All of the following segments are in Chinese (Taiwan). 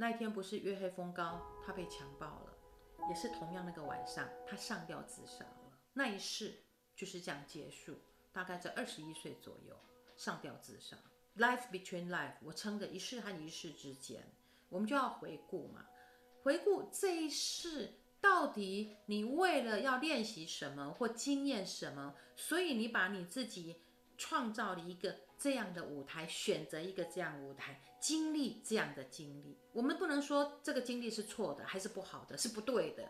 那一天不是月黑風高，他被強暴了，也是同樣那個晚上，他上吊自殺了。那一世就是這樣結束，大概在二十一歲左右上吊自殺。Life between life，我稱的一世和一世之間，我們就要回顧嘛，回顧這一世到底你為了要練習什麼或經驗什麼，所以你把你自己創造了一個。這樣的舞台，選擇一個這樣舞台，經歷這樣的經歷，我們不能說這個經歷是錯的，還是不好的，是不對的。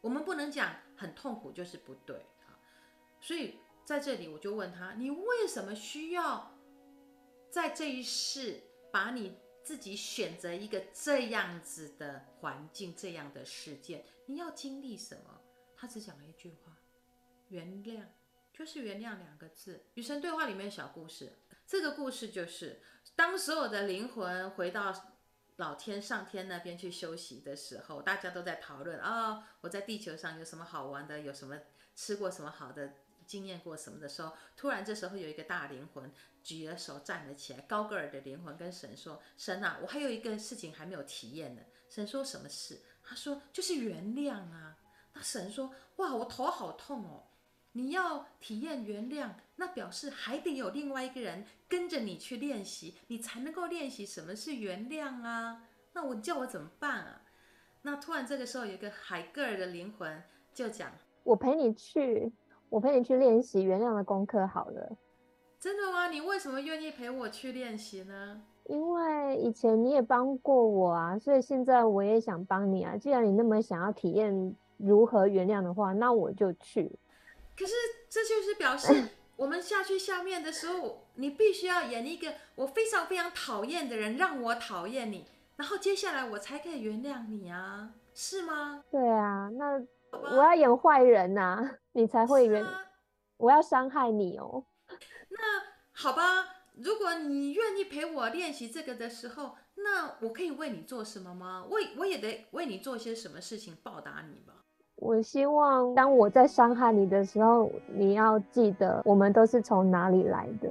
我們不能講很痛苦就是不對啊。所以在這裡，我就問他：你為什麼需要在這一世把你自己選擇一個這樣子的環境、這樣的事件？你要經歷什麼？他只講了一句話：原諒，就是原諒兩個字。與神對話裡面小故事。這個故事就是，當所有的靈魂回到老天上天那邊去休息的時候，大家都在討論啊、哦，我在地球上有什麼好玩的，有什麼吃過什麼好的，經驗過什麼的時候，突然這時候有一個大靈魂舉了手站了起來，高個兒的靈魂跟神說：“神啊，我還有一個事情還沒有體驗呢。”神說什麼事？他說：“就是原諒啊。”那神說：“哇，我頭好痛哦。”你要體驗原諒，那表示還得有另外一個人跟着你去練習，你才能夠練習什麼是原諒啊？那我叫我怎麼辦啊？那突然這個時候有一個海格爾的靈魂就講：“我陪你去，我陪你去練習原諒的功課好了。”真的嗎？你為什麼願意陪我去練習呢？因為以前你也幫過我啊，所以現在我也想幫你啊。既然你那麼想要體驗如何原諒的話，那我就去。可是，這就是表示我們下去下面的時候， 你必須要演一個我非常非常討厭的人，讓我討厭你，然後接下來我才可以原諒你啊，是嗎？對啊，那我要演壞人吶、啊，你才會原、啊、我要傷害你哦。那好吧，如果你願意陪我練習這個的時候，那我可以為你做什麼嗎？為我，我也得為你做些什麼事情報答你吧。我希望，當我在傷害你的時候，你要記得，我們都是從哪裡來的。